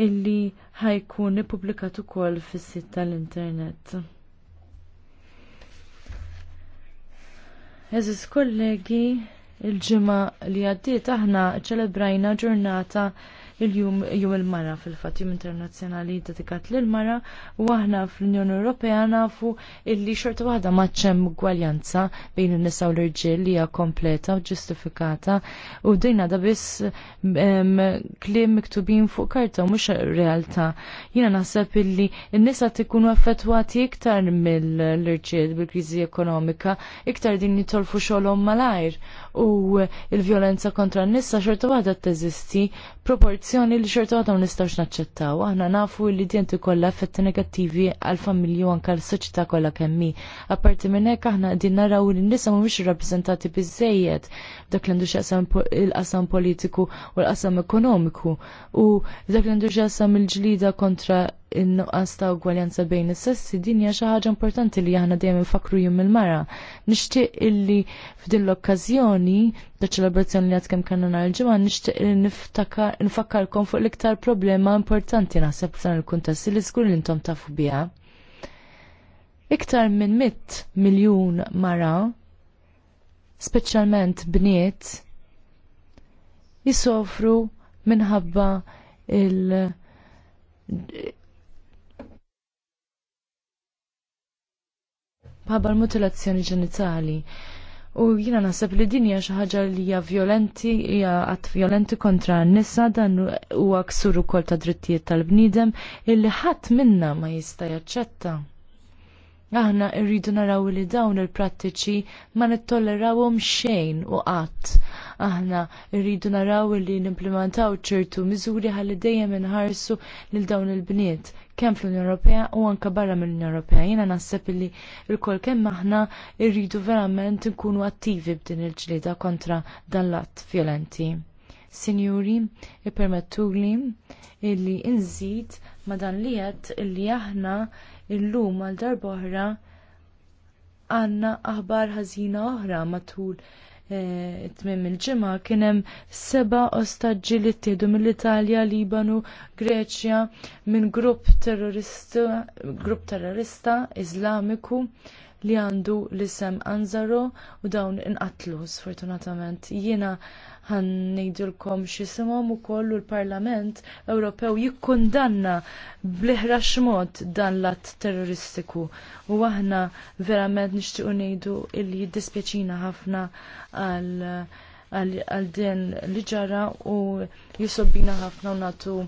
illi ħajkun ippubblikat ukoll fis-sit tal-internet. Eżis kollegi, il-ġimgħa li għaddiet aħna ċelebrajna ġurnata il-jum jum il-mara fil-fat jum internazzjonali dedikat lil-mara u aħna fl-Unjoni Ewropea nafu illi xorta waħda maċċem gwaljanza bejn in-nisa u l-irġiel li hija kompleta u ġustifikata u dejna da biss kliem miktubin fuq karta u mhux realtà. Jiena naħseb illi n-nisa tikunu affettwati iktar mill-irġiel bil-kriżi ekonomika, iktar din jitolfu xogħolhom malajr u l il-violenza kontra n-nisa xorta waħda teżisti proporzjoni li xorta waħda nistax naċċettaw. Aħna nafu li dien kolla effetti negattivi għal u anke l-soċita kollha kemmi. Apparti minn hekk aħna qegħdin naraw li n-nisa mhumiex rappresentati bizzejiet dak li għandu x'qasam il-qasam politiku u l-qasam ekonomiku u dak li għandu x'qasam il-ġlida kontra in-nuqqas ta' ugwaljanza bejn is-sessi din hija xi ħaġa importanti li aħna dejjem infakru jum il-mara. Nixtieq illi f'din l-okkażjoni ta' ċelebrazzjoni li għad kemm kellna nhar il-ġimgħa nixtieq nfakkarkom fuq l-iktar problema importanti naħseb f'dan il-kuntest li żgur li intom tafu biha. Iktar minn mitt miljun mara, speċjalment bniet, jisofru minħabba il- bħabba l-mutilazzjoni ġenitali. U jina naħseb li din hija xi ħaġa li hija violenti, hija qatt violenti kontra n-nisa dan huwa ksur ukoll ta' drittijiet tal-bniedem illi ħadd minna ma jista' jaċċetta. Aħna rridu naraw li dawn il-prattiċi ma nittollerawhom xejn u qatt. Aħna rridu naraw li nimplementaw ċertu miżuri ħalli dejjem inħarsu lil dawn il-bniet kemm fl-Unjoni Ewropea u anke barra mill-Unjoni Ewropea. Jiena naħseb li l-kol kemm aħna rridu verament nkunu attivi b'din il-ġlieda kontra dan l-att violenti. Sinjuri, ippermettuli illi inżid ma dan li qed illi aħna illum għal darboħra għandna aħbar ħażina oħra matul e, eh, tmiem il-ġimgħa kien hemm seba' ostaġġi li ttieħdu mill-Italja, Libanu, Greċja minn grupp terrorista, grupp terrorista Iżlamiku li għandu l-isem Anzaro u dawn inqatlu sfortunatament. Jiena ħan xi x'isimhom ukoll u l-Parlament Ewropew jikkundanna bliħra x'mod dan l-att terroristiku u aħna verament nixtiequ ngħidu illi jiddispjaċina ħafna għal għal din li ġara u jisobbina ħafna u natu